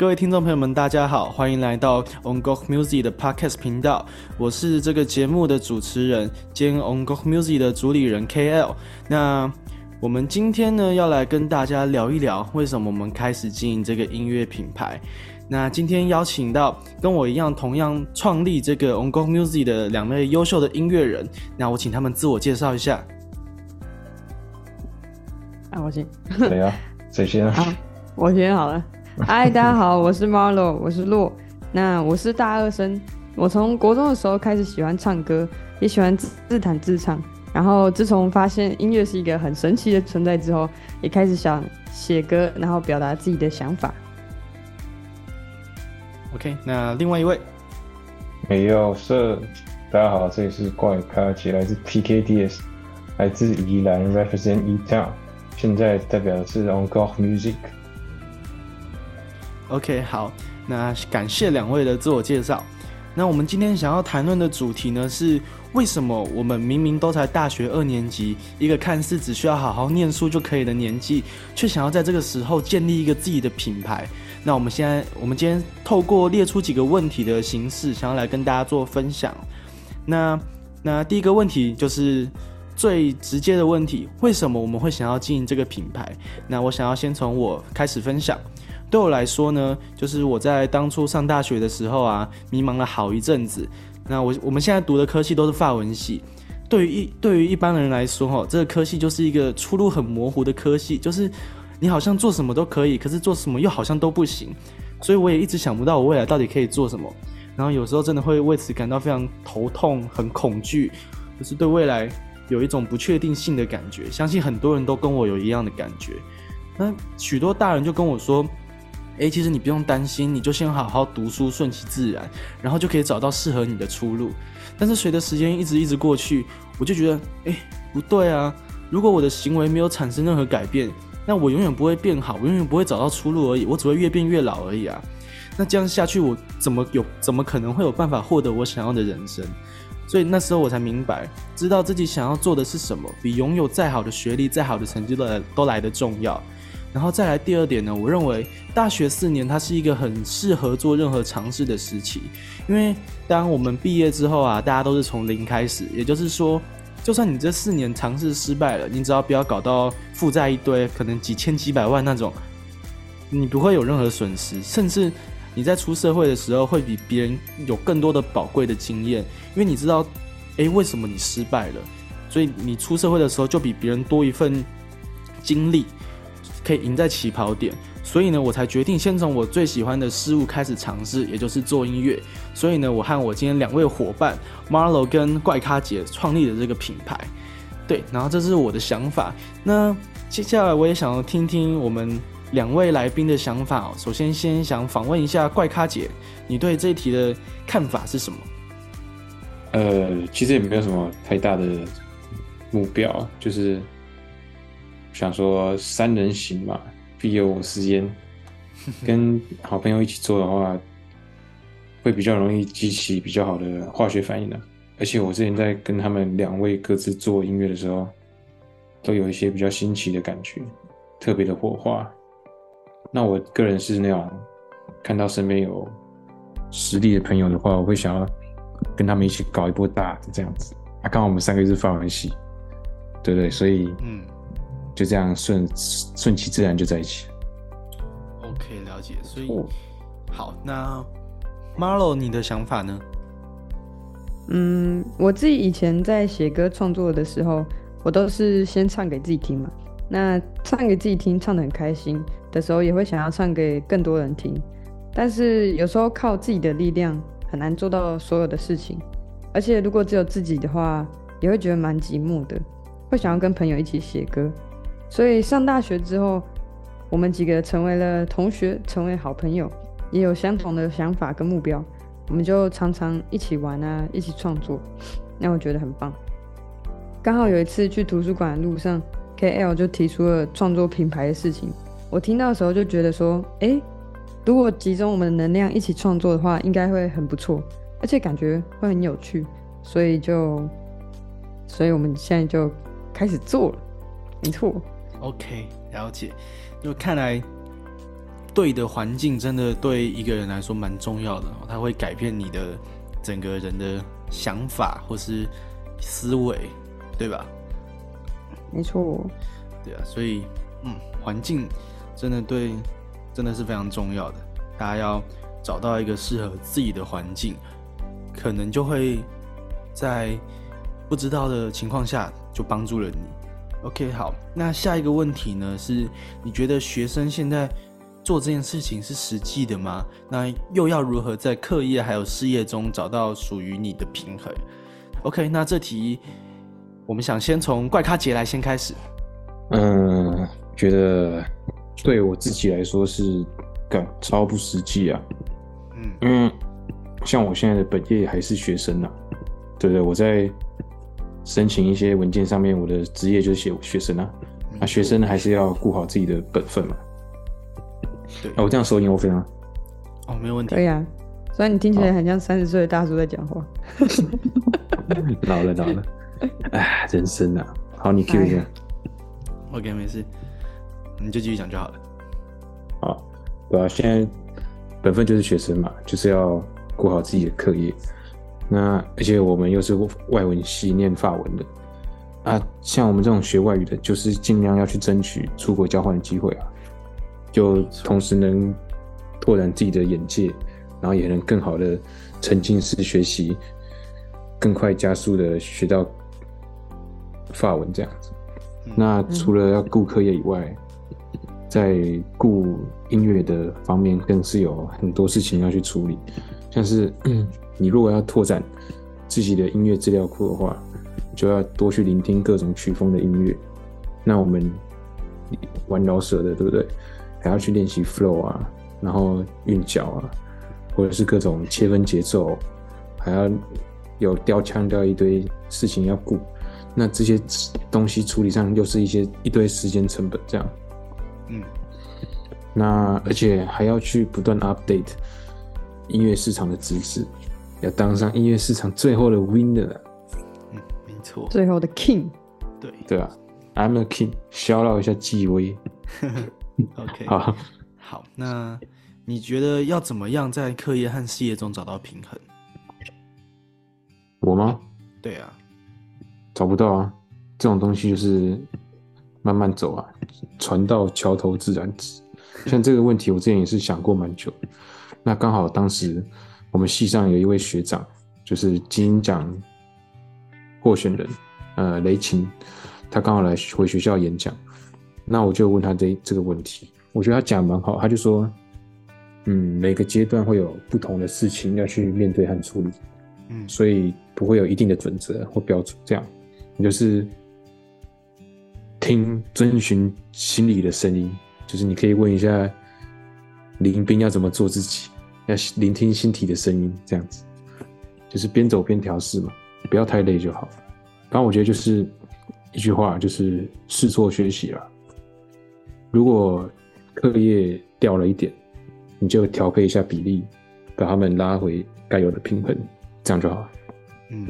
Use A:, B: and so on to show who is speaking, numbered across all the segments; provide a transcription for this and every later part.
A: 各位聽眾朋友們，大家好，歡迎來到 Encore Music 的 Podcast 頻道。我是這個節目的主持人兼 Encore Music 的主理人 KL。那我們今天呢，要來跟大家聊一聊，為什麼我們開始經營這個音樂品牌。那今天邀請到跟我一樣，同樣創立這個 Encore Music 的兩位優秀的音樂人。那我請他們自我介紹一下。
B: 哎、啊，我先。
C: 誰、 哎、啊？誰先
B: 好，我先好了。嗨， 大家好，我是 Marlo，我是洛，那我是大二生。我從國中的時候開始喜歡唱歌，也喜歡自彈自唱。然後自從發現音樂是一個很神奇的存在之後，也開始想寫歌，然後表達自己的想法。
A: OK，那另外一位，沒有，
C: 是。大家好，這裡是怪咖傑，來自 PKDS，來自宜蘭 Represent 樂團，現在代表的是 Encore Music。
A: OK，好，那感謝兩位的自我介紹。那我們今天想要談論的主題呢，是為什麼我們明明都才大學二年級，一個看似只需要好好念書就可以的年紀，卻想要在這個時候建立一個自己的品牌？那我們現在，我們今天透過列出幾個問題的形式，想要來跟大家做分享。那那第一個問題就是最直接的問題：為什麼我們會想要經營這個品牌？那我想要先從我開始分享。對我來說呢，就是我在當初上大學的時候啊，迷茫了好一陣子。那我我們現在讀的科系都是法文系，對於一對於一般人來說，哦，哈，這個科系就是一個出路很模糊的科系，就是你好像做什麼都可以，可是做什麼又好像都不行。所以我也一直想不到我未來到底可以做什麼。然後有時候真的會為此感到非常頭痛，很恐懼，就是對未來有一種不確定性的感覺。相信很多人都跟我有一樣的感覺。那許多大人就跟我說。哎，其實你不用擔心，你就先好好讀書，順其自然，然後就可以找到適合你的出路。但是隨着時間一直一直過去，我就覺得，哎，不對啊！如果我的行為沒有產生任何改變，那我永遠不會變好，我永遠不會找到出路而已，我只會越變越老而已啊！那這樣下去，我怎麼有，怎麼可能會有辦法獲得我想要的人生？所以那時候我才明白，知道自己想要做的是什麼，比擁有再好的學歷、再好的成績都來得重要。然後再來第二點呢，我認為大學四年它是一個很適合做任何嘗試的時期，因為當我們畢業之後啊，大家都是從零開始。也就是說，就算你這四年嘗試失敗了，你只要不要搞到負債一堆，可能幾千幾百萬那種，你不會有任何損失。甚至你在出社會的時候，會比別人有更多的寶貴的經驗，因為你知道，哎，為什麼你失敗了？所以你出社會的時候，就比別人多一份經歷。可以贏在起跑點，所以呢，我才決定先從我最喜歡的事物開始嘗試，也就是做音樂。所以呢，我和我今天兩位夥伴 Marlo 跟怪咖姐創立了這個品牌，對，然後這是我的想法。那接下來我也想要聽聽我們兩位來賓的想法。首先，先想訪問一下怪咖姐，你對這一題的看法是什麼？
C: 呃，其實也沒有什麼太大的目標，就是。想說三人行嘛，必有我師焉。跟好朋友一起做的話，會比較容易激起比較好的化學反應的啊。而且我之前在跟他們兩位各自做音樂的時候，都有一些比較新奇的感覺，特別的火花。那我個人是那種看到身邊有實力的朋友的話，我會想要跟他們一起搞一波大的這樣子。啊，剛好我們三個月是發完戲，對不對？所以，嗯。就這樣順順其自然就在一起。
A: OK，了解。所以好，那 Marlo，你的想法呢？嗯，
B: 我自己以前在寫歌創作的時候，我都是先唱給自己聽嘛。那唱給自己聽，唱得很開心的時候，也會想要唱給更多人聽。但是有時候靠自己的力量很難做到所有的事情，而且如果只有自己的話，也會覺得蠻寂寞的，會想要跟朋友一起寫歌。所以上大學之後，我們幾個成為了同學，成為好朋友，也有相同的想法跟目標，我們就常常一起玩啊，一起創作，那我覺得很棒。剛好有一次去圖書館的路上，KL 就提出了創作品牌的事情，我聽到的時候就覺得說，哎、欸，如果集中我們的能量一起創作的話，應該會很不錯，而且感覺會很有趣，所以就，所以我們現在就開始做了，
A: 沒錯。OK，了解。就看來，對的環境真的對一個人來說蠻重要的哦。它會改變你的整個人的想法或是思維，對吧？
B: 沒錯。
A: 對啊，所以嗯，環境真的對，真的是非常重要的。大家要找到一個適合自己的環境，可能就會在不知道的情況下就幫助了你。OK，好，那下一個問題呢是，你覺得學生現在做這件事情是實際的嗎？那又要如何在課業還有事業中找到屬於你的平衡？OK，那這題我們想先從怪咖傑來先開始。
C: 嗯，覺得對我自己來說是感超不實際啊。嗯，因、嗯、為像我現在的本業還是學生啊，對對，我在。申請一些文件上面，我的職業就是寫學生啊，啊，學生還是要顧好自己的本分嘛，哦。那我這樣說你 OK 嗎？
A: 哦，沒有問題。可以啊，
B: 雖然你聽起來很像三十歲的大叔在講話。
C: 老 了，老了，哎，人生啊。好，你 Cue 一下。
A: OK，沒事，你就繼續講就好了。
C: 好，對啊，現在本分就是學生嘛，就是要顧好自己的課業。那而且我們又是外文系念法文的啊，像我們這種學外語的，就是盡量要去爭取出國交換的機會啊，就同時能拓展自己的眼界，然後也能更好的沉浸式學習，更快加速的學到法文這樣子。那除了要顧課業以外，在顧音樂的方面，更是有很多事情要去處理，像是。你如果要拓展自己的音樂資料庫的話，就要多去聆聽各種曲風的音樂。那我們玩饒舌的，對不對？還要去練習 flow 啊，然後韻腳啊，或者是各種切分節奏，還要有調腔調一堆事情要顧。那這些東西處理上又是一些一堆時間成本，這樣。嗯。那而且還要去不斷 update 音樂市場的知識。要當上音樂市場最後的 winner，了，嗯、沒錯，最後的 king，對對啊，I'm a king，笑鬧一下，紀 威
A: ，OK，好，好，那你覺得要怎麼樣在課業和事業中找到平衡？
C: 我嗎？對啊，找不到啊，這種東西就是慢慢走啊，船 到橋頭自然直。像這個問題，我之前也是想過蠻久， 那剛好當時。我們系上有一位學長，就是金音獎候選人，呃，雷琴，他剛好來回學校演講，那我就問他這這個問題，我覺得他講蠻好，他就說，嗯，每個階段會有不同的事情要去面對和處理，嗯，所以不會有一定的準則或標準，這樣，你就是聽遵循心裡的聲音，就是你可以問一下林冰要怎麼做自己。聆聽心體的聲音，這樣子就是邊走邊調試嘛，不要太累就好。反正我覺得就是一句話，就是試錯學習了。如果課業掉了一點，你就調配一下比例，把他們拉回該有的平衡，這樣就好。嗯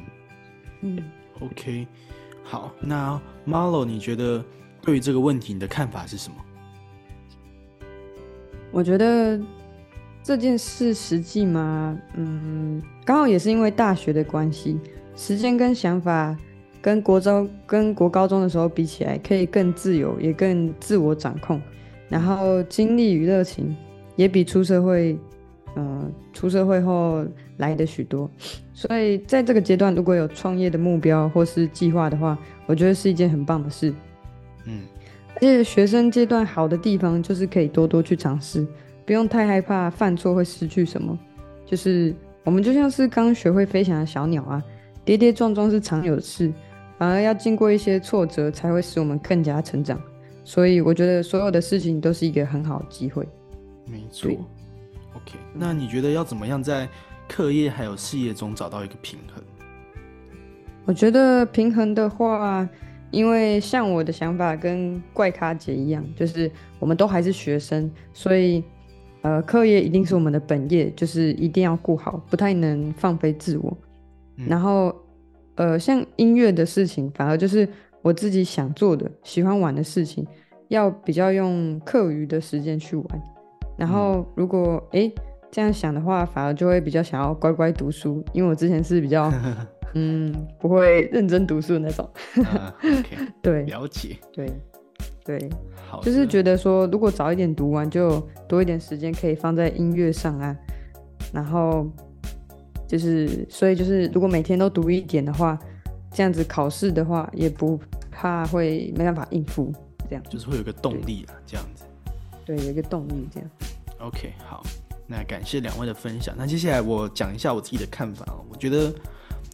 A: 嗯，OK，好。那 Marlo，你覺得對於這個問題你的看法是什麼？
B: 我覺得。這件事實際嗎？嗯，剛好也是因為大學的關係，時間跟想法跟國中跟國高中的時候比起來，可以更自由，也更自我掌控。然後精力與熱情也比出社會，嗯、呃，出社會後來得許多。所以在這個階段，如果有創業的目標或是計劃的話，我覺得是一件很棒的事。嗯，而且學生階段好的地方就是可以多多去嘗試。不用太害怕犯錯會失去什麼，就是我們就像是剛學會飛翔的小鳥啊，跌跌撞撞是常有的事，反而要經過一些挫折才會使我們更加成長。所以我覺得所有的事情都是一個很好的機會。沒錯。
A: OK，那你覺得要怎麼樣在課業還有事業中找到一個平衡？
B: 我覺得平衡的話，因為像我的想法跟怪咖姐一樣，就是我們都還是學生，所以。呃，課業一定是我們的本業，嗯、就是一定要顧好，不太能放飛自我。嗯、然後，呃，像音樂的事情，反而就是我自己想做的、喜歡玩的事情，要比較用課餘的時間去玩。然後，嗯、如果哎、欸、這樣想的話，反而就會比較想要乖乖讀書，因為我之前是比較 嗯不會認真讀書的那種。 uh,
A: okay. 對，了解。對。
B: 對，就是覺得說，如果早一點讀完，就多一點時間可以放在音樂上啊。然後就是，所以就是，如果每天都讀一點的話，這樣子考試的話也不怕會沒辦法應付。
A: 這樣就是會有個動力啊，這樣子。
B: 對，有一個動力這樣。
A: OK，好，那感謝兩位的分享。那接下來我講一下我自己的看法啊，我覺得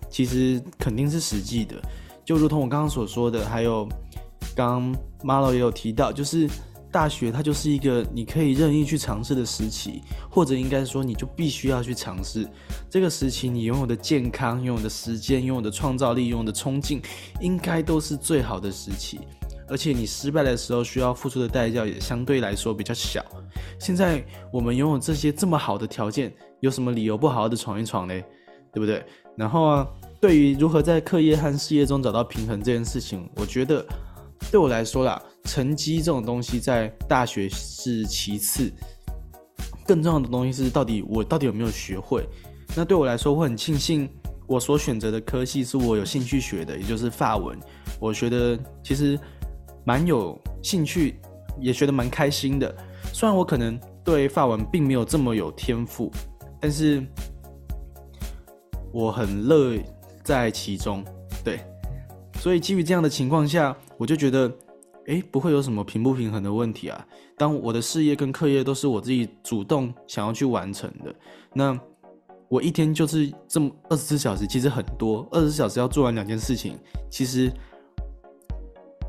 A: 其實肯定是實際的，就如同我剛剛所說的，還有。剛剛馬老也有提到，就是大學它就是一個你可以任意去嘗試的時期，或者應該說你就必須要去嘗試這個時期，你擁有的健康、擁有的時間、擁有的創造力、擁有的衝勁，應該都是最好的時期。而且你失敗的時候需要付出的代價也相對來說比較小。現在我們擁有這些這麼好的條件，有什麼理由不好好的闖一闖呢？對不對？然後啊，對於如何在課業和事業中找到平衡這件事情，我覺得。對我來說啦，成績這種東西在大學是其次，更重要的東西是到底我到底有沒有學會。那對我來說，我很慶幸我所選擇的科系是我有興趣學的，也就是法文。我覺得其實蠻有興趣，也學得蠻開心的。雖然我可能對法文並沒有這麼有天賦，但是我很樂在其中。所以基於這樣的情況下，我就覺得，哎，不會有什麼平不平衡的問題啊。當我的事業跟課業都是我自己主動想要去完成的，那我一天就是這麼二十四小時，其實很多二十四小時要做完兩件事情，其實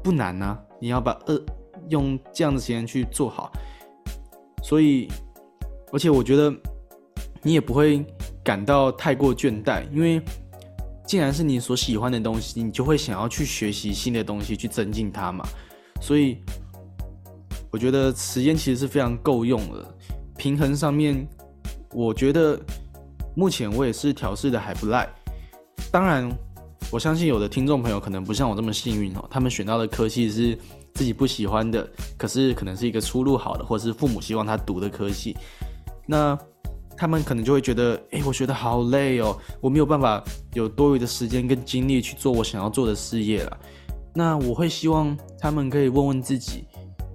A: 不難呐、啊。你要把二、呃、用這樣的時間去做好，所以，而且我覺得你也不會感到太過倦怠，因為。既然是你所喜歡的東西，你就會想要去學習新的東西，去增進它嘛。所以，我覺得時間其實是非常夠用的。平衡上面，我覺得目前我也是調試的還不賴。當然，我相信有的聽眾朋友可能不像我這麼幸運哦，他們選到的科系是自己不喜歡的，可是可能是一個出路好的，或者是父母希望他讀的科系。那他們可能就會覺得，誒、欸，我學的好累哦，我沒有辦法有多餘的時間跟精力去做我想要做的事業了。那我會希望他們可以問問自己，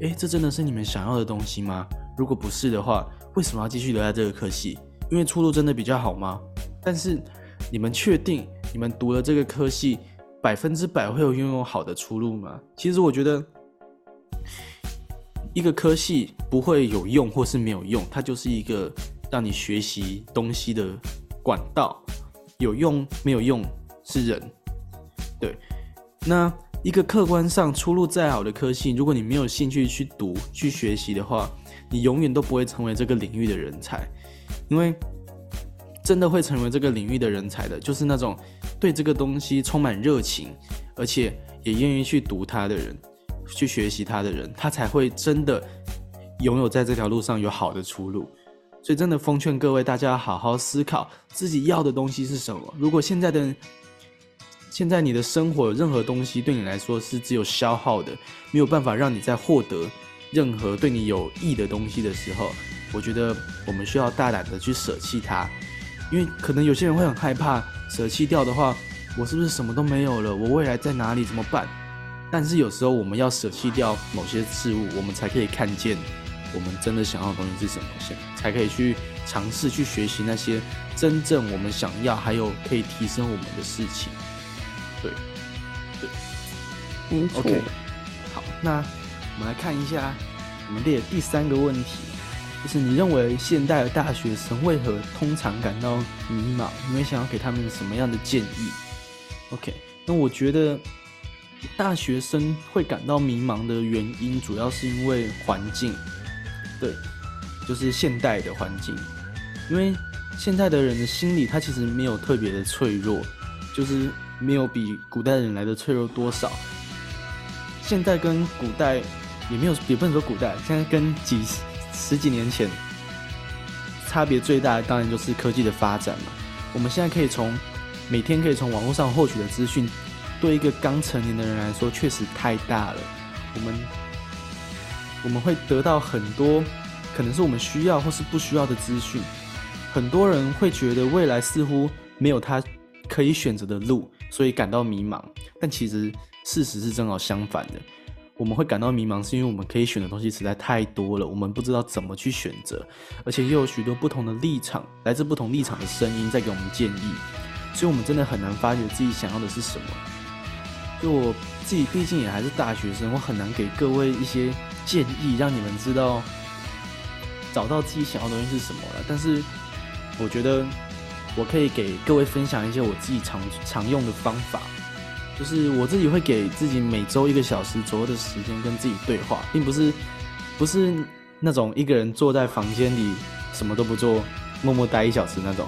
A: 誒、欸，這真的是你們想要的東西嗎？如果不是的話，為什麼要繼續留在這個科系？因為出路真的比較好嗎？但是你們確定你們讀了這個科系，百分之百會有擁有好的出路嗎？其實我覺得，一個科系不會有用或是沒有用，它就是一個。讓你學習東西的管道有用沒有用是人對那一個客觀上出路再好的科系，如果你沒有興趣去讀去學習的話，你永遠都不會成為這個領域的人才。因為真的會成為這個領域的人才的，就是那種對這個東西充滿熱情，而且也願意去讀它的人，去學習它的人，他才會真的擁有在這條路上有好的出路。所以，真的奉勸各位，大家好好思考自己要的東西是什麼。如果現在的、現在你的生活有任何東西對你來說是只有消耗的，沒有辦法讓你再獲得任何對你有益的東西的時候，我覺得我們需要大膽的去捨棄它。因為可能有些人會很害怕捨棄掉的話，我是不是什麼都沒有了？我未來在哪裡？怎麼辦？但是有時候我們要捨棄掉某些事物，我們才可以看見。我們真的想要的東西是什麼？先才可以去嘗試去學習那些真正我們想要，還有可以提升我們的事情。對，對，嗯，ok。好，那我們來看一下，我們列的第三個問題，就是你認為現代的大學生為何通常感到迷茫？你們想要給他們什麼樣的建議？OK，那我覺得大學生會感到迷茫的原因，主要是因為環境。對，就是現代的環境，因為現在的人的心理，他其實沒有特別的脆弱，就是沒有比古代的人來的脆弱多少。現在跟古代也沒有，也不能說古代，現在跟幾十十幾年前差別最大的，當然就是科技的發展嘛。我們現在可以從每天可以從網絡上獲取的資訊，對一個剛成年的人來說，確實太大了。我們。我們會得到很多，可能是我們需要或是不需要的資訊。很多人會覺得未來似乎沒有他可以選擇的路，所以感到迷茫。但其實事實是正好相反的。我們會感到迷茫，是因為我們可以選的東西實在太多了，我們不知道怎麼去選擇，而且又有許多不同的立場，來自不同立場的聲音在給我們建議，所以我們真的很難發覺自己想要的是什麼。就我自己，畢竟也還是大學生，我很難給各位一些建議，讓你們知道找到自己想要的東西是什麼了。但是我覺得我可以給各位分享一些我自己常常用的方法，就是我自己會給自己每周一個小時左右的時間跟自己對話，並不是，不是那種一個人坐在房間裡什麼都不做，默默待一小時那種，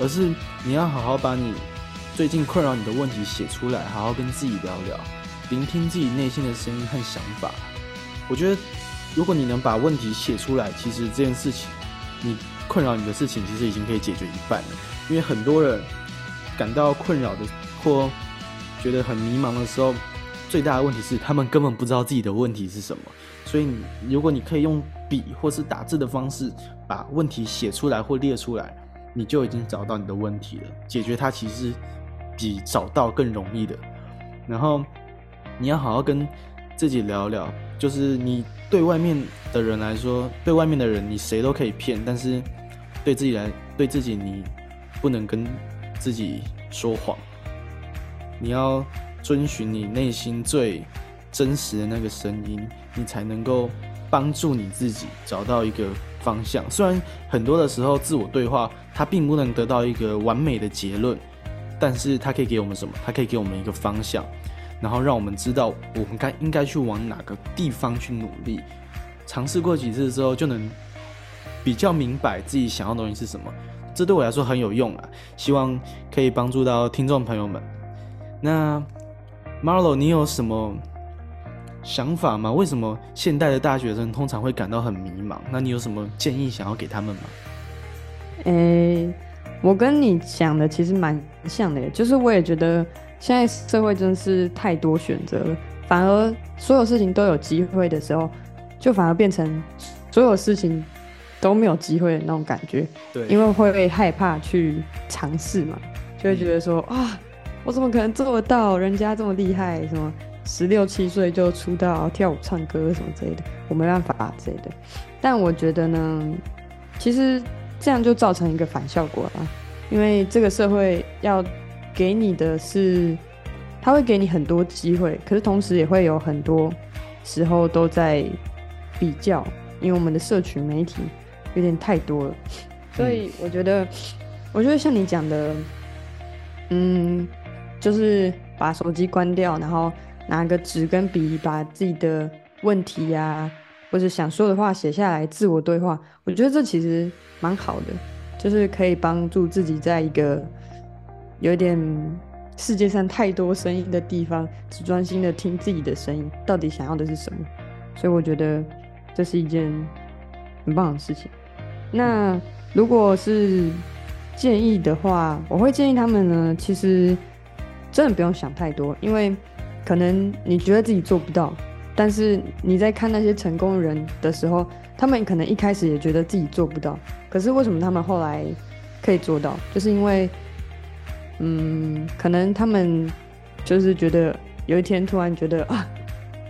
A: 而是你要好好把你。最近困擾你的問題寫出來，好好跟自己聊聊，聆聽自己內心的聲音和想法。我覺得，如果你能把問題寫出來，其實這件事情，你困擾你的事情其實已經可以解決一半了。因為很多人感到困擾的或覺得很迷茫的時候，最大的問題是他們根本不知道自己的問題是什麼。所以你，如果你可以用筆或是打字的方式把問題寫出來或列出來，你就已經找到你的問題了。解決它其實。比找到更容易的，然後你要好好跟自己聊聊，就是你對外面的人來說，對外面的人你誰都可以騙，但是對自己來，對自己你不能跟自己說謊，你要遵循你內心最真實的那個聲音，你才能夠幫助你自己找到一個方向。雖然很多的時候自我對話，它並不能得到一個完美的結論。但是它可以給我們什麼？它可以給我們一個方向，然後讓我們知道我們該應該去往哪個地方去努力。嘗試過幾次之後，就能比較明白自己想要的東西是什麼。這對我來說很有用啊！希望可以幫助到聽眾朋友們。那 Marlo，你有什麼想法嗎？為什麼現代的大學生通常會感到很迷茫？那你有什麼建議想要給他們嗎？
B: 誒。我跟你講的其實蠻像的，就是我也覺得現在社會真是太多選擇了，反而所有事情都有機會的時候，就反而變成所有事情都沒有機會的那種感覺。對，因為會害怕去嘗試嘛，就會覺得說、嗯、啊，我怎麼可能做得到？人家這麼厲害，什麼十六七歲就出道跳舞唱歌什麼之類的，我沒辦法之類的。但我覺得呢，其實。這樣就造成一個反效果了，因為這個社會要給你的是，他會給你很多機會，可是同時也會有很多時候都在比較，因為我們的社群媒體有點太多了，嗯、所以我覺得，我覺得像你講的，嗯，就是把手機關掉，然後拿個紙跟筆，把自己的問題呀、啊。或者想說的話寫下來，自我對話，我覺得這其實蠻好的，就是可以幫助自己在一個有點世界上太多聲音的地方，只專心的聽自己的聲音，到底想要的是什麼。所以我覺得這是一件很棒的事情。那如果是建議的話，我會建議他們呢，其實真的不用想太多，因為可能你覺得自己做不到。但是你在看那些成功人的時候，他們可能一開始也覺得自己做不到，可是為什麼他們後來可以做到？就是因為，嗯，可能他們就是覺得有一天突然覺得啊，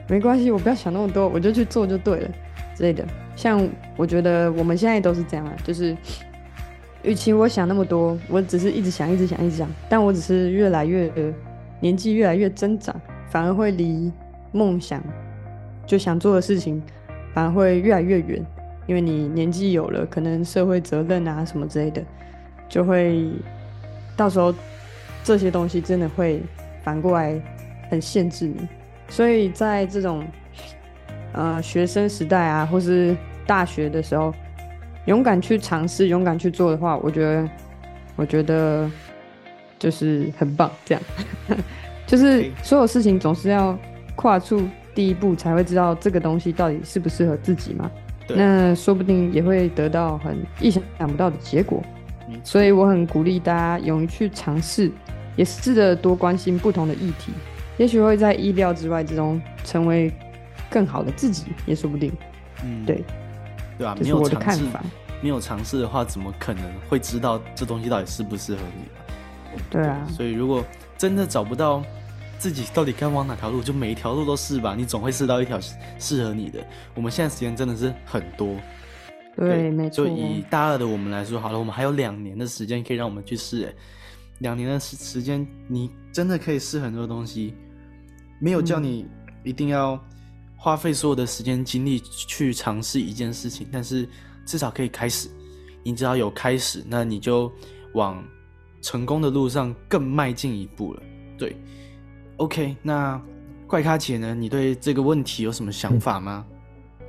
B: 沒關係，我不要想那麼多，我就去做就對了之類的。像我覺得我們現在都是這樣，就是，與其我想那麼多，我只是一直想，一直想，一直想，但我只是越來越年紀越來越增長，反而會離夢想。就想做的事情，反而會越來越遠，因為你年紀有了，可能社會責任啊什麼之類的，就會到時候這些東西真的會反過來很限制你。所以在這種呃學生時代啊，或是大學的時候，勇敢去嘗試，勇敢去做的話，我覺得我覺得就是很棒。這樣， 就是所有事情總是要跨出。第一步才會知道這個東西到底適不適合自己嘛。那說不定也會得到很意想想不到的結果。嗯，所以我很鼓勵大家勇於去嘗試，也試着多關心不同的議題，也許會在意料之外之中成為更好的自己，也說不定。嗯，對。對啊，就是我的看法。沒
A: 有嘗試，沒有嘗試的話，怎麼可能會知道這東西到底適不適合你？
B: 對啊。
A: 所以如果真的找不到，自己到底該往哪條路？就每一條路都試吧，你總會試到一條適合你的。我們現在時間真的是很多，
B: 對，對沒錯。以
A: 大二的我們來說，好了，我們還有兩年的時間可以讓我們去試。兩年的時間，你真的可以試很多東西。沒有叫你一定要花費所有的時間精力去嘗試一件事情，嗯、但是至少可以開始。你只要有開始，那你就往成功的路上更邁進一步了。對。OK，那怪咖姐呢？你對這個問題有什麼想法嗎？
C: 嗯？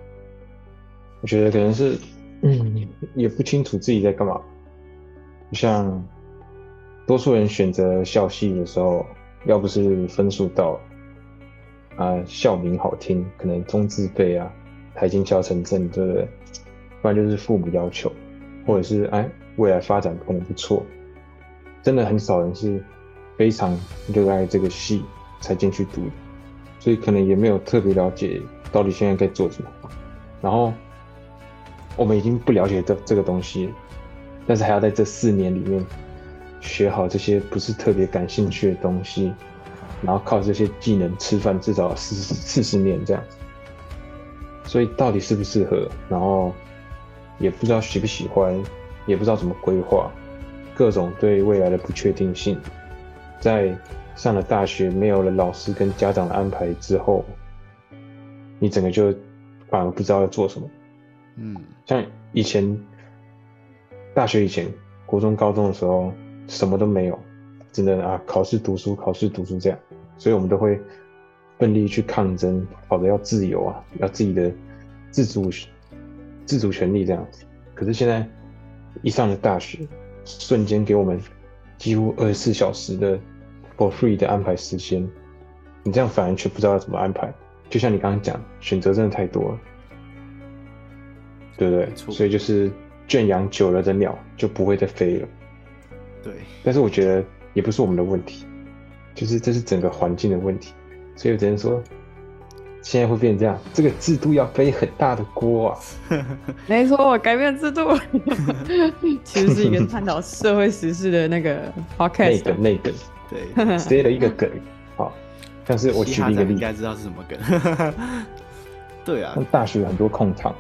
C: 我覺得可能是，嗯，也不清楚自己在幹嘛。像多數人選擇校系的時候，要不是分數到，啊，校名好聽，可能中字輩啊，台清交成政，對不對？不然就是父母要求，或者是哎、啊，未來發展可能不錯。真的很少人是非常熱愛這個系，才進去讀，所以可能也沒有特別了解到底現在該做什麼。然後我們已經不了解這這個東西，但是還要在這四年裡面學好這些不是特別感興趣的東西，然後靠這些技能吃飯，至少四四四十年這樣子。所以到底適不適合，然後也不知道喜不喜歡，也不知道怎麼規劃，各種對未來的不確定性，在。上了大學，沒有了老師跟家長的安排之後，你整個就反而不知道要做什麼。嗯，像以前大學以前，國中高中的時候，什麼都沒有，只能啊考試讀書，考試讀書這樣，所以我們都會奮力去抗爭，好的要自由啊，要自己的自主自主權利這樣子。可是現在一上了大學，瞬間給我們幾乎二十四小時的。for free 的安排時間，你這樣反而卻不知道要怎麼安排。就像你剛剛講，選擇真的太多了。對不對？所以就是圈養久了的鳥就不會再飛了。對。但是我覺得也不是我們的問題，就是這是整個環境的問題，所以我只能說現在會變成這樣，這個制度要背很大的鍋啊。
B: 沒錯，我改變制度？ 其實是一個探討社會時事的那個
A: podcast。 那那個。那個對，stay 了一個梗、嗯、好，但是我舉一個例子，你應該知道是什麼梗。 對啊，
C: 大學很多空堂，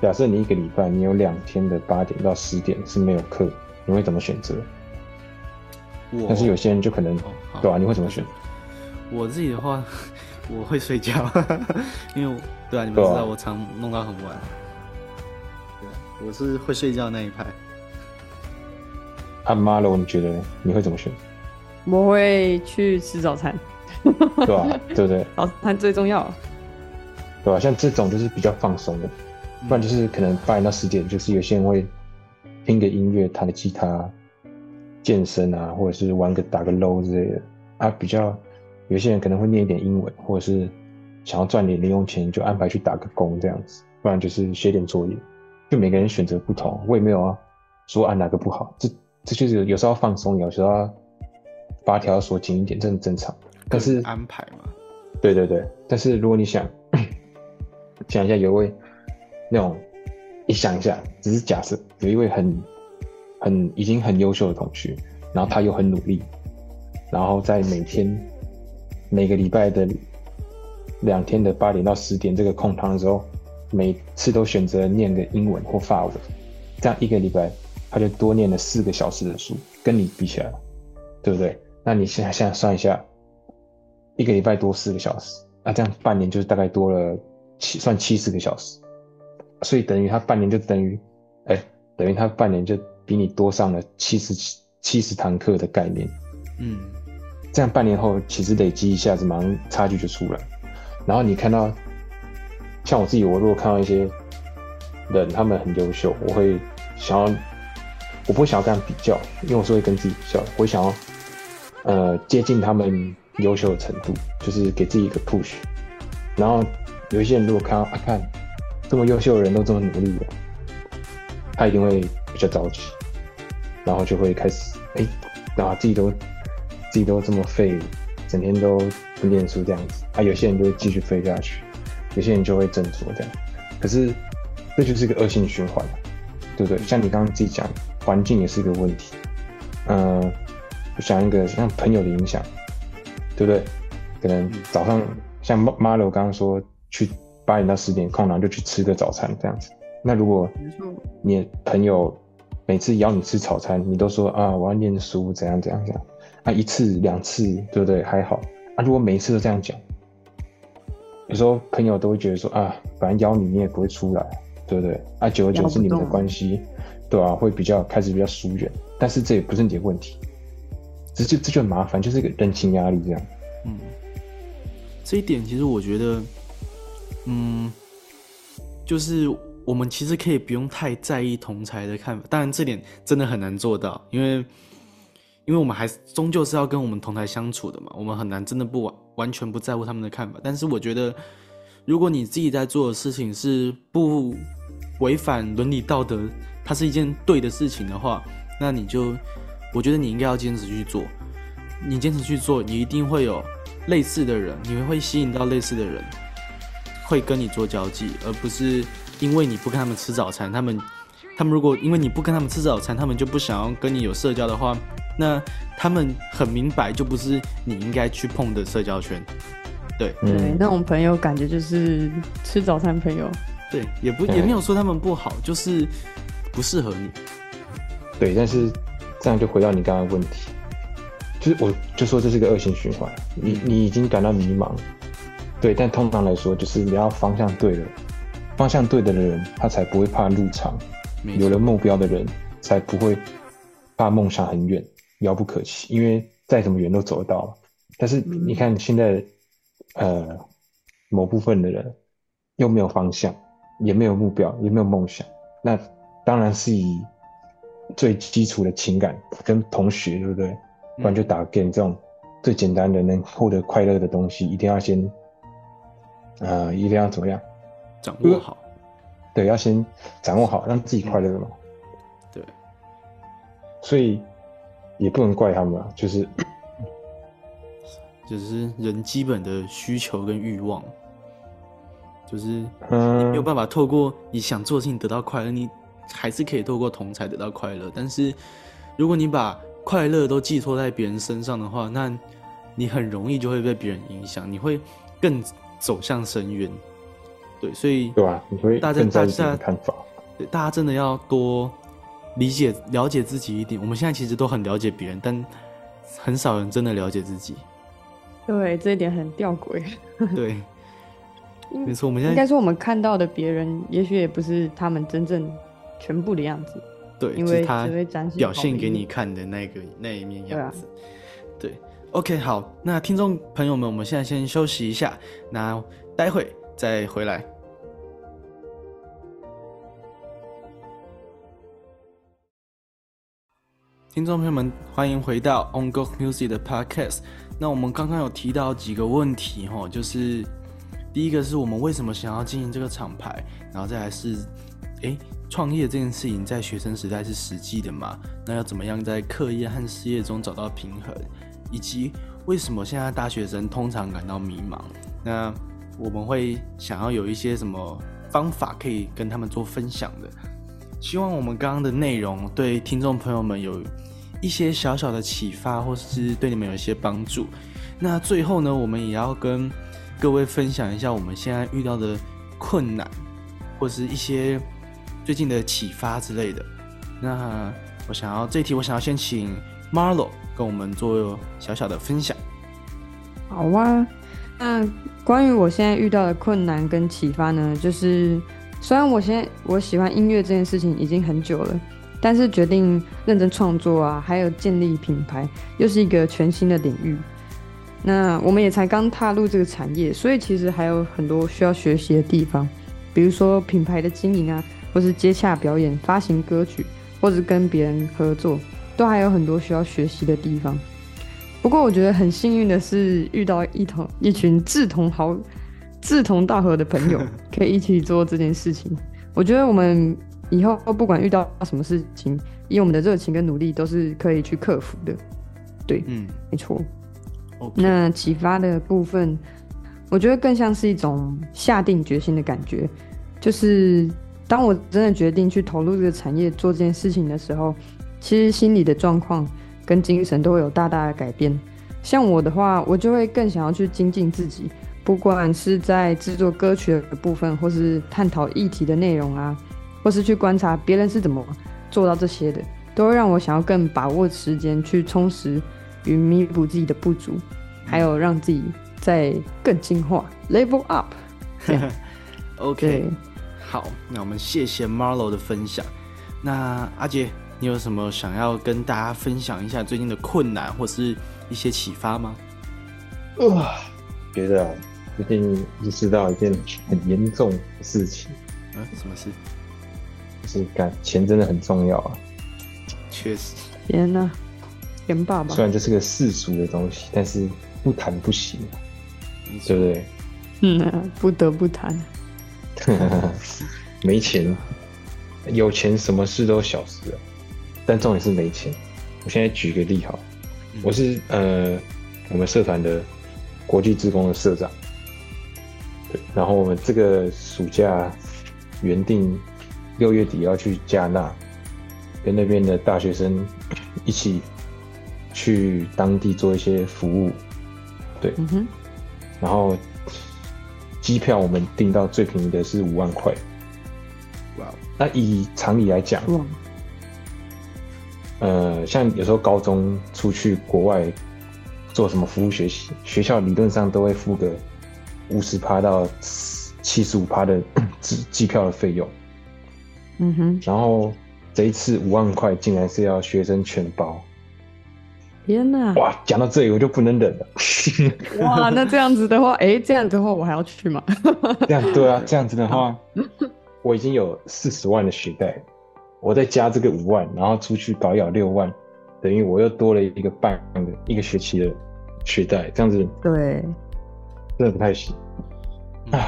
C: 假設你一個禮拜你有兩天的八點到十點是沒有課，你會怎麼選擇？
A: 但是
C: 有些人就可能，對啊，你會怎麼選？
A: 我自己的話，我會睡覺， 因為對啊，你們知道我常弄到很晚，對啊，對，我是會睡覺的那一派。
C: 阿媽嘍，你覺得你會怎麼選？
B: 我會去吃早餐， 對吧、啊？對不對？早餐最重要，
C: 對吧、啊？像這種就是比較放鬆的，不然就是可能八點到十點，就是有些人會聽個音樂、彈個吉他、健身啊，或者是玩個打個 low 之類的。啊，比較有些人可能會念一點英文，或者是想要賺點零用錢，就安排去打個工這樣子。不然就是寫點作業，就每個人選擇不同。我也沒有啊，說按哪個不好，這這就是有時候要放鬆，有時候。八條要鎖緊一點，這很正常。可是安排嘛，對對對。但是如果你想想一下有一，有位那種，你想一下，只是假設有一位很很已經很優秀的同學，然後他又很努力，嗯、然後在每天每個禮拜的兩天的八點到十點這個空檔的時候，每次都選擇念個英文或法文，這樣一個禮拜他就多念了四個小時的書，跟你比起來了，對不對？那你現在現在算一下，一個禮拜多四個小時，那這樣半年就是大概多了七算七十個小時，所以等於他半年就等於，哎、欸，等於他半年就比你多上了七十七十堂課的概念。嗯，這樣半年後其實累積一下子，馬上差距就出來了。然後你看到，像我自己，我如果看到一些人他們很優秀，我會想要，我不會想要跟他比較，因為我是會跟自己比較，我會想要。呃，接近他們優秀的程度，就是給自己一個 push。然後有一些人如果看到啊，看這麼優秀的人都這麼努力了，他一定會比較着急，然後就會開始誒，然後自己都自己都這麼廢，整天都不念書這樣子啊。有些人就會繼續廢下去，有些人就會振作這樣子。可是這就是一個惡性循環，對不對？像你剛剛自己講，環境也是一個問題，嗯、呃。想一個像朋友的影響，對不對？可能早上像 Maro 剛剛說，去八點到十點空，然後就去吃個早餐這樣子。那如果你的朋友每次邀你吃早餐，你都說啊，我要念書，怎樣怎樣怎樣。啊，一次兩次對不對，還好啊？如果每一次都這樣講，有時候朋友都會覺得說啊，反正邀你你也不會出來，對不對？啊，久而久之你們的關係對吧、啊、會比較開始比較疏遠，但是這也不是你的問題。這就這就很麻煩，就是一個人情壓力這樣。
A: 嗯，這一點其實我覺得，嗯，就是我們其實可以不用太在意同儕的看法。當然，這點真的很難做到，因為因為我們還是終究是要跟我們同儕相處的嘛，我們很難真的不完全不在乎他們的看法。但是，我覺得如果你自己在做的事情是不違反倫理道德，它是一件對的事情的話，那你就。我覺得你應該要堅持去做，你堅持去做，你一定會有類似的人，你會吸引到類似的人，會跟你做交際，而不是因為你不跟他們吃早餐，他們他們如果因為你不跟他們吃早餐，他們就不想要跟你有社交的話，那他們很明白就不是你應該去碰的社交圈。對對，
B: 那種朋友感覺就是吃早餐朋友。
A: 對，也不也沒有說他們不好，嗯，就是不適合你。
C: 對，但是。這樣就回到你剛剛的問題，就是我就說這是個惡性循環、嗯，你你已經感到迷茫，對，但通常來說，就是你要方向對了，方向對的人，他才不會怕路長，有了目標的人，才不會怕夢想很遠，遙不可及，因為再怎麼遠都走得到了，嗯。但是你看現在，呃，某部分的人又沒有方向，也沒有目標，也沒有夢想，那當然是以。最基礎的情感跟同學，對不對？不然就打電這種最簡單的能獲得快樂的東西，一定要先，呃，一定要怎麼樣？掌握好。嗯？對，要先掌握好，讓自己快樂的嘛。嗯。對。所以也不能怪他們啊，就是
A: 就是人基本的需求跟慾望，就是你沒有辦法透過你想做的事情得到快樂，你。還是可以透過同才得到快樂，但是如果你把快樂都寄託在別人身上的話，那你很容易就會被別人影響，你會更走向深淵。對，所以對啊，所以大家大家大家真的要多理解了解自己一點。我們現在其實都很了解別人，但很少人真的了解自己。
B: 對，這一點很吊詭。
A: 對，沒錯，
B: 我們現在應該說我們看到的別人，也許也不是他們真正。全部的樣子，對，因為他表現給你
A: 看的那個那一面樣子，對，對啊，對，OK，好，那聽眾朋友們，我們現在先休息一下，那待會再回來。 聽眾朋友們，歡迎回到 Encore Music 的 Podcast。那我們剛剛有提到幾個問題哦，就是第一個是我們為什麼想要經營這個廠牌，然後再來是，欸創業這件事情在學生時代是實際的嘛？那要怎麼樣在課業和事業中找到平衡？以及為什麼現在大學生通常感到迷茫？那我們會想要有一些什麼方法可以跟他們做分享的？希望我們剛剛的內容對聽眾朋友們有一些小小的啟發，或是對你們有一些幫助。那最後呢，我們也要跟各位分享一下我們現在遇到的困難，或是一些。最近的啟發之類的，那我想要這題，我想要先請 Marlo 跟我們做小小的分享。
B: 好啊，那關於我現在遇到的困難跟啟發呢，就是雖然我現在我喜歡音樂這件事情已經很久了，但是決定認真創作啊，還有建立品牌，又是一個全新的領域。那我們也才剛踏入這個產業，所以其實還有很多需要學習的地方，比如說品牌的經營啊。就是接洽表演、發行歌曲，或者跟別人合作，都還有很多需要學習的地方。不過，我覺得很幸運的是遇到一同一群志同好、志同道合的朋友，可以一起做這件事情。 我覺得我們以後不管遇到什麼事情，以我們的熱情跟努力，都是可以去克服的。對，嗯，沒錯。Okay. 那啟發的部分，我覺得更像是一種下定決心的感覺，就是。當我真的決定去投入這個產業做這件事情的時候，其實心理的狀況跟精神都會有大大的改變。像我的話，我就會更想要去精進自己，不管是在制作歌曲的部分，或是探討議題的內容啊，或是去觀察別人是怎麼做到這些的，都會讓我想要更把握時間去充實與彌補自己的不足，還有讓自己再更進化，level up。
A: OK。好，那我們謝謝 Marlo 的分享。那阿傑，你有什麼想要跟大家分享一下最近的困難或是一些啟發嗎？
C: 哇、哦，覺得最近意識到一件很嚴重的事情啊，什麼事？就是感錢真的很重要啊。確實，
B: 天哪、啊，天爸爸！雖然這
C: 是個世俗的東西，但是不談不行啊，對不對？
B: 嗯、啊，不得不談。
C: 沒錢，有錢什麼事都小事了。但重點是沒錢。我現在舉個例哈、嗯,我是呃，我們社團的國際志工的社長。對，然後我們這個暑假原定六月底要去加納，跟那邊的大學生一起去當地做一些服務。對，嗯哼，然後。機票我們訂到最便宜的是五萬塊。哇！那以常理來講，wow. 呃，像有時候高中出去國外做什麼服務學習，學校理論上都會付個五十趴到七十五趴的機，wow. 機票的費用。
B: 嗯哼。
C: 然後這一次五萬塊，竟然是要學生全包。天吶！哇，講到這裡我就不能忍
B: 了。 哇，那這樣子的話，哎、欸，這樣子的話，我還要去嗎？ 這
C: 樣對啊，這樣子的話， 我已經有四十萬的學貸，我再加這個五萬，然後出去保養六萬，等於我又多了一個半一個學期的學貸。這樣子。對，真的不太行，嗯。
B: 啊，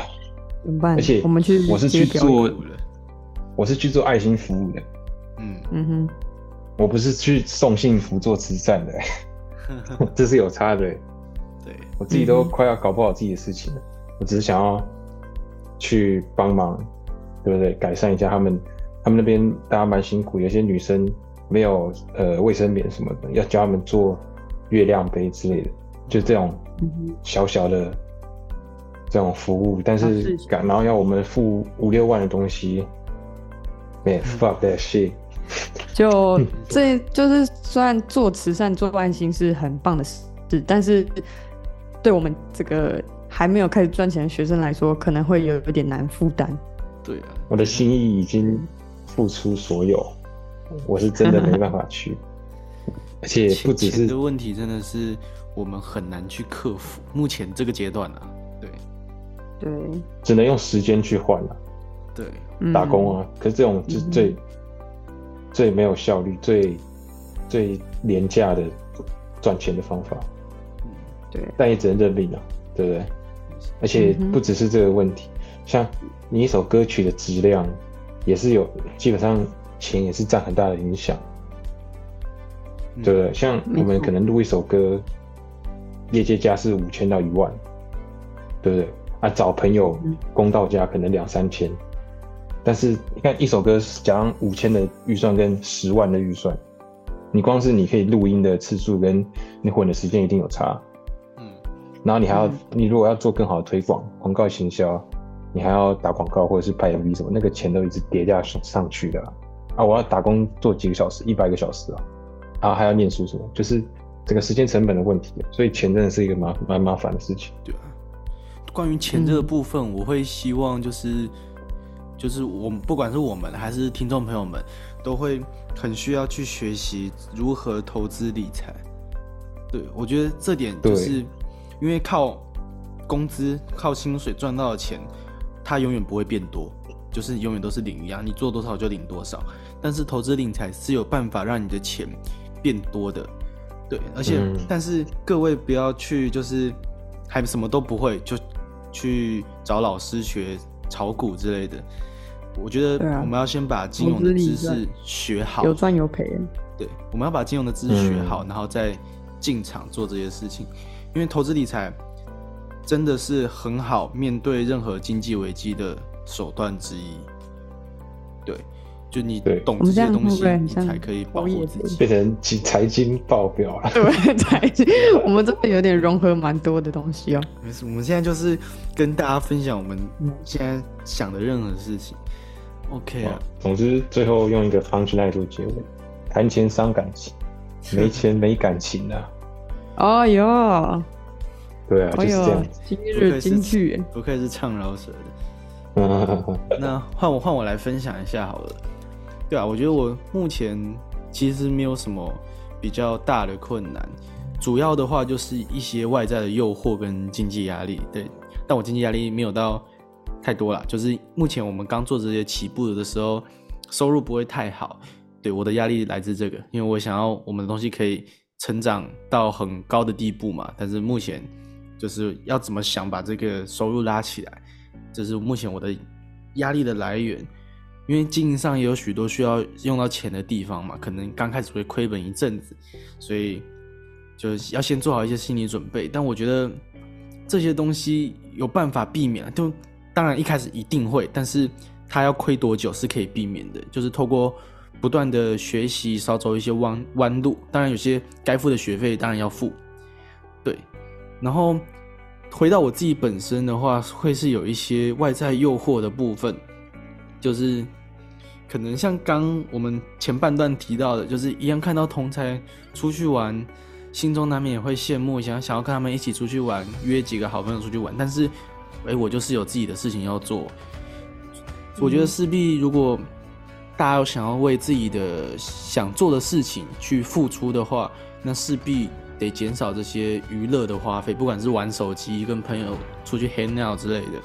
B: 怎麼辦？而且我們去，我是去做，
C: 我是去做愛心服務的。嗯、
B: 嗯哼。
C: 我不是去送幸福做慈善的，欸，這是有差的，欸。 對，我自己都快要搞不好自己的事情了，嗯、我只是想要去幫忙，對不對？改善一下他們，他們那邊大家蠻辛苦，有些女生沒有呃衛生棉什麼的，要教他們做月亮杯之類的，就這種小小的這種服務，嗯、但是然後要我們付五六萬的東西，欸，fuck that shit。
B: 就、嗯、這就是雖然做慈善做愛心是很棒的事，但是對我們這個還沒有開始賺錢的學生來說，可能會有一點難負擔。
A: 對啊，
C: 我的心意已經付出所有，我是真的沒辦法去。 而且不只是錢
A: 錢的問題，真的是我們很難去克服。目前這個階段啊，
B: 對對、
C: 嗯，只能用時間去換了、啊。
A: 對，打工啊，
C: 可是這種就是最。嗯最沒有效率、最最廉價的賺錢的方法，但也只能認命了、啊，對不對？而且不只是這個問題、嗯，像你一首歌曲的質量也是有，基本上錢也是佔很大的影響、嗯，對不對？像我們可能錄一首歌，嗯、業界價是五千到一萬，對不對？啊，找朋友公道價可能兩三千。但是你看，一首歌，講五千的預算跟十萬的預算，你光是你可以錄音的次數跟你混的時間一定有差，嗯，然後你還要，嗯、你如果要做更好的推廣、廣告行銷，你還要打廣告或者是拍 MV 什麼，那個錢都一直疊加上去的啊！啊我要打工做幾個小時，一百個小時啊，啊還要念書什麼，就是整個時間成本的問題，所以錢真的是一個蠻蠻麻煩的事情，對啊，
A: 關於錢這個部分、嗯，我會希望就是。就是我們，不管是我們還是聽眾朋友們，都會很需要去學習如何投資理財。對，我覺得這點就是因為靠工資、靠薪水賺到的錢，它永遠不會變多，就是永遠都是領一樣，你做多少就領多少。但是投資理財是有辦法讓你的錢變多的，對，而且但是各位不要去，就是還什麼都不會就去找老師學。炒股之類的，我覺得我們要先把金融的知識學好，啊、有賺有賠。對，我們要把金融的知識學好，然後再進場做這些事情，嗯、因為投資理財真的是很好面對任何經濟危機的手段之一。對。就你對懂這些東西你才可以，保護自己，變成金財經報表啊！對
B: 財經， 我們真的有點融合蠻多的東西啊、
A: 哦。 沒什麼，我們現在就是跟大家分享我們現在想的任何事情。OK 啊，總之最後用一個方式來做結尾：
C: 談錢傷感情，沒錢沒感情吶、
B: 啊。哦喲，對啊，就是
C: 這樣
A: 子。哎、今日金句、欸，不愧是唱饒舌
C: 的。
A: 嗯，那換我，換我來分享一下好了。對啊，我覺得我目前其實沒有什麼比較大的困難，主要的話就是一些外在的誘惑跟經濟壓力。對，但我經濟壓力沒有到太多啦。就是目前我們剛做這些起步的時候，收入不會太好。對，我的壓力來自這個，因為我想要我們的東西可以成長到很高的地步嘛。但是目前就是要怎麼想把這個收入拉起來，這、就是目前我的壓力的來源。因為經營上也有許多需要用到錢的地方嘛，可能剛開始會虧本一陣子，所以就是要先做好一些心理準備。但我覺得這些東西有辦法避免啊，就，當然一開始一定會，但是他要虧多久是可以避免的，就是透過不斷的學習，少走一些彎彎路。當然有些該付的學費當然要付，對。然後回到我自己本身的話，會是有一些外在誘惑的部分，就是。可能像剛我們前半段提到的，就是一樣看到同儕出去玩，嗯、心中難免也會羨慕一下，想要跟他們一起出去玩，約幾個好朋友出去玩。但是，哎，我就是有自己的事情要做，嗯。我覺得勢必如果大家想要為自己的想做的事情去付出的話，那勢必得減少這些娛樂的花費，不管是玩手機、跟朋友出去 hang out 之類的。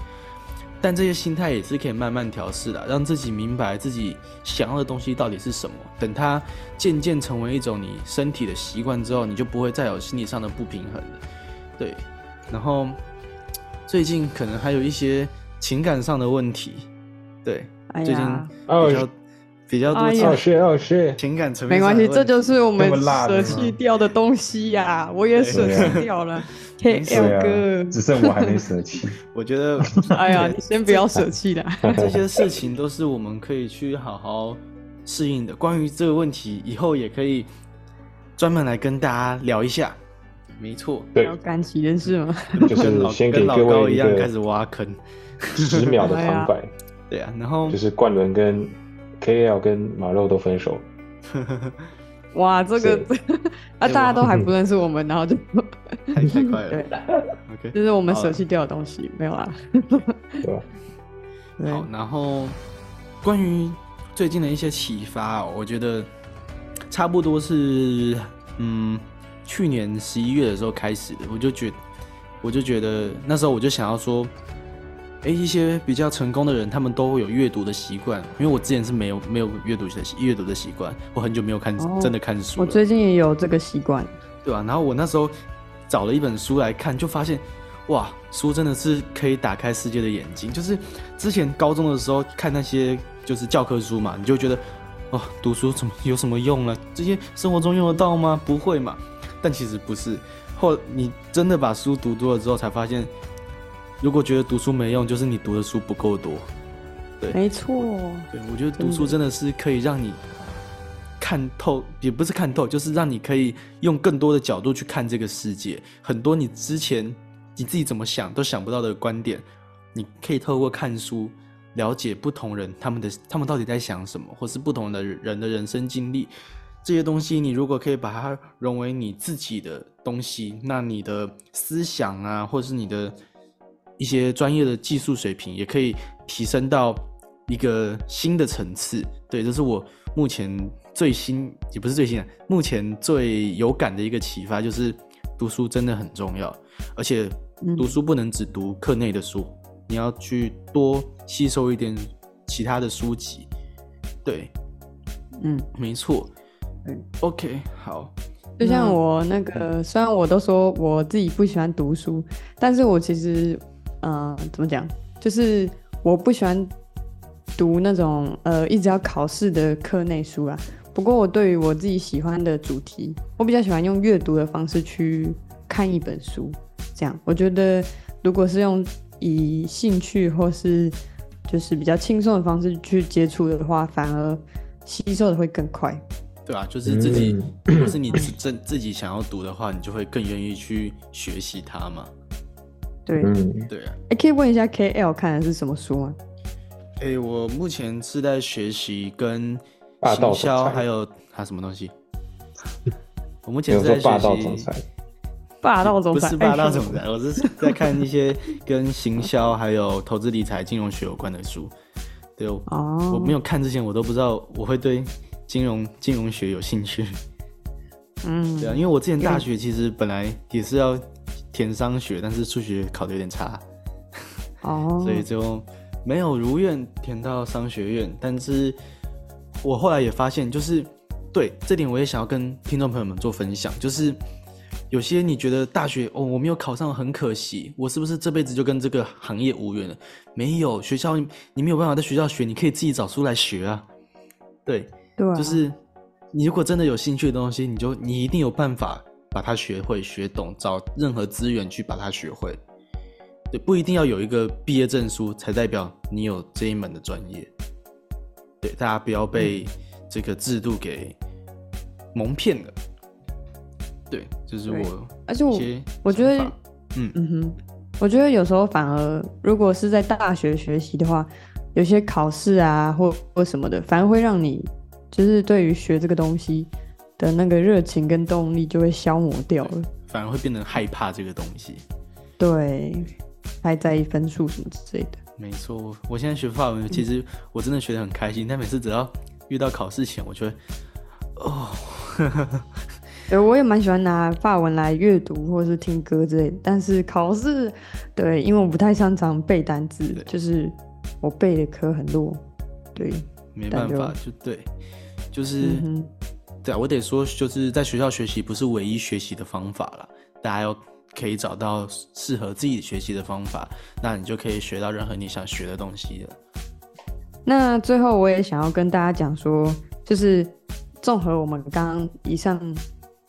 A: 但這些心態也是可以慢慢調試的，讓自己明白自己想要的東西到底是什麼。等它漸漸成為一種你身體的習慣之後，你就不會再有心理上的不平衡了。對，然後最近可能還有一些情感上的問題。對，哎、最近比較、哦、比較多吵架，吵架，情感層面、哎哦哦。沒關係，這就是我們捨棄
B: 掉的東西呀、啊，我也捨棄掉了。對
A: k l 哥、啊， 只剩我還沒捨棄。我覺得，哎呀，你 先不要捨棄啦。 這些事情都是我們可以去好好適應的。關於這個問題，以後也可以專門來跟大家聊一下。沒錯，對，要干情件事嗎？就是先跟， 跟老高一樣開始挖坑，先給各位一個十秒的旁白。
C: 哎、對啊，然後就是冠倫跟 K L 跟馬肉都分手。
B: 哇，這個 啊、欸，大家都還不認識我們，嗯、然後就，太，太快了。這、 okay. 就是我們捨棄掉的東西沒有啦 對、啊、對，
A: 好，然後關於最近的一些啟發，我覺得差不多是嗯，去年十一月的時候開始的，我就覺，我就覺得那時候我就想要說。誒，一些比較成功的人，他們都會有閱讀的習慣。因為我之前是沒有沒有閱讀的閱讀的習慣，我很久沒有看、哦、真的看書。我最
B: 近也有這個習慣，
A: 對吧、啊？然後我那時候找了一本書來看，就發現，哇，書真的是可以打開世界的眼睛。就是之前高中的時候看那些就是教科書嘛，你就覺得，哦，讀書怎麼有什麼用呢？這些生活中用得到嗎、嗯？不會嘛？但其實不是。後你真的把書讀多了之後，才發現。如果覺得讀書沒用，就是你讀的書不夠多。對，沒
B: 錯。
A: 對，我覺得讀書真的是可以讓你看透，也不是看透，就是讓你可以用更多的角度去看這個世界。很多你之前你自己怎麼想都想不到的觀點，你可以透過看書了解不同人他們的他們到底在想什麼，或是不同的人的人生經歷。這些東西你如果可以把它融為你自己的東西，那你的思想啊，或者是你的。一些專業的技術水平也可以提升到一個新的層次。對，這是我目前最新，也不是最新、啊，目前最有感的一個啟發就是，讀書真的很重要，而且讀書不能只讀課內的書，嗯，你要去多吸收一點其他的書籍。對，嗯，沒錯。嗯，OK，好。就像我
B: 那個那，雖然我都說我自己不喜歡讀書，嗯，但是我其實。嗯、呃，怎麼講？就是我不喜歡讀那種呃一直要考試的課內書啊。不過我對於我自己喜歡的主題，我比較喜歡用閱讀的方式去看一本書。這樣，我覺得如果是用以興趣或是就是比較輕鬆的方式去接觸的話，反而吸收的會更快。
A: 對啊，就是自己，嗯、如果是你自 自己想要讀的話，你就會更願意去學習它嘛。對，嗯，對
B: 啊，哎可以問一下 K L 看的是什麼書嗎？
A: 哎，我目前是在學習跟行銷，還有還、啊、什麼東西？我目前是在學習霸道總裁，
B: 霸道總裁不是霸道總裁，我是
A: 在看一些跟行銷還有投資理財、 金融學有關的書。對哦，我沒有看之前，我都不知道我會對金融、金融學有興趣。嗯，對啊，因為我之前大學其實本來也是要。填商學，但是數學考得有點差，哦、oh.，所以就沒有如願填到商學院。但是我後來也發現，就是對這點，我也想要跟聽眾朋友們做分享，就是有些你覺得大學哦，我沒有考上很可惜，我是不是這輩子就跟這個行業無緣了？沒有，學校你沒有辦法在學校學，你可以自己找書來學啊。對對、啊，就是你如果真的有興趣的東西，你就你一定有辦法。把它學會、學懂，找任何資源去把它學會。對，不一定要有一個畢業證書才代表你有這一門的專業。對，大家不要被這個制度給蒙騙了。對，就是我。而且我，我覺得，嗯嗯哼，
B: 我覺得有時候反而，如果是在大學學習的話，有些考試啊或或什麼的，反而會讓你，就是對於學這個東西。的那個熱情跟動力就會消磨掉了，
A: 反而會變得害怕這個東西。
B: 對，太在意分數什麼之類的。
A: 沒錯，我現在學法文，其實我真的學得很開心，嗯、但每次只要遇到考試前，我就會
B: 哦。 對，我也蠻喜歡拿法文來閱讀或者是聽歌之類的，但是考試，對，因為我不太擅長背單字的，就是我背的
A: 科很弱。對，
B: 沒辦法，
A: 就，就對，就是。嗯對啊，我得說，就是在學校學習不是唯一學習的方法了。大家要可以找到適合自己學習的方法，那你就可以學到任何你想學的東西了。
B: 那最後，我也想要跟大家講說，就是綜合我們剛剛以上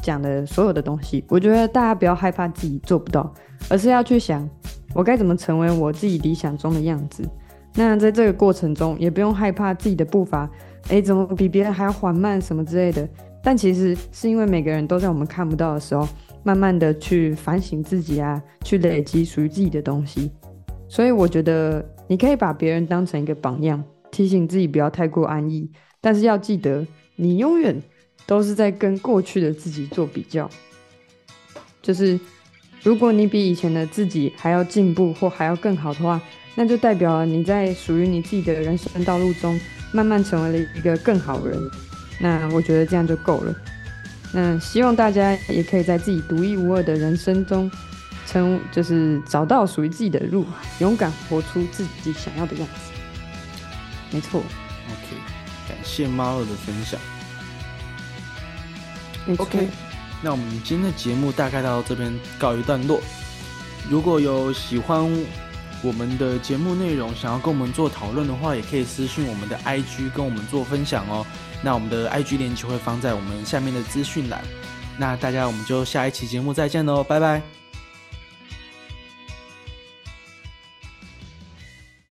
B: 講的所有的東西，我覺得大家不要害怕自己做不到，而是要去想我該怎麼成為我自己理想中的樣子。那在這個過程中，也不用害怕自己的步伐。誒，怎麼比別人還要緩慢什麼之類的？但其實是因為每個人都在我們看不到的時候，慢慢的去反省自己啊，去累積屬於自己的東西。所以我覺得你可以把別人當成一個榜樣，提醒自己不要太過安逸。但是要記得，你永遠都是在跟過去的自己做比較。就是如果你比以前的自己還要進步或還要更好的話。那就代表你在屬於你自己的人生道路中，慢慢成為了一個更好人。那我覺得這樣就夠了。那希望大家也可以在自己獨一無二的人生中，成就是找到屬於自己的路，勇敢活出自己想要的樣子。
A: 沒錯。OK，感謝貓二的分享。OK，那我們今天的節目大概到這邊告一段落。如果有喜歡，我們的節目內容，想要跟我們做討論的話，也可以私訊我們的 IG 跟我們做分享哦。那我們的 IG 鏈接會放在我們下面的資訊欄。那大家，我們就下一期節目再見嘍，拜拜。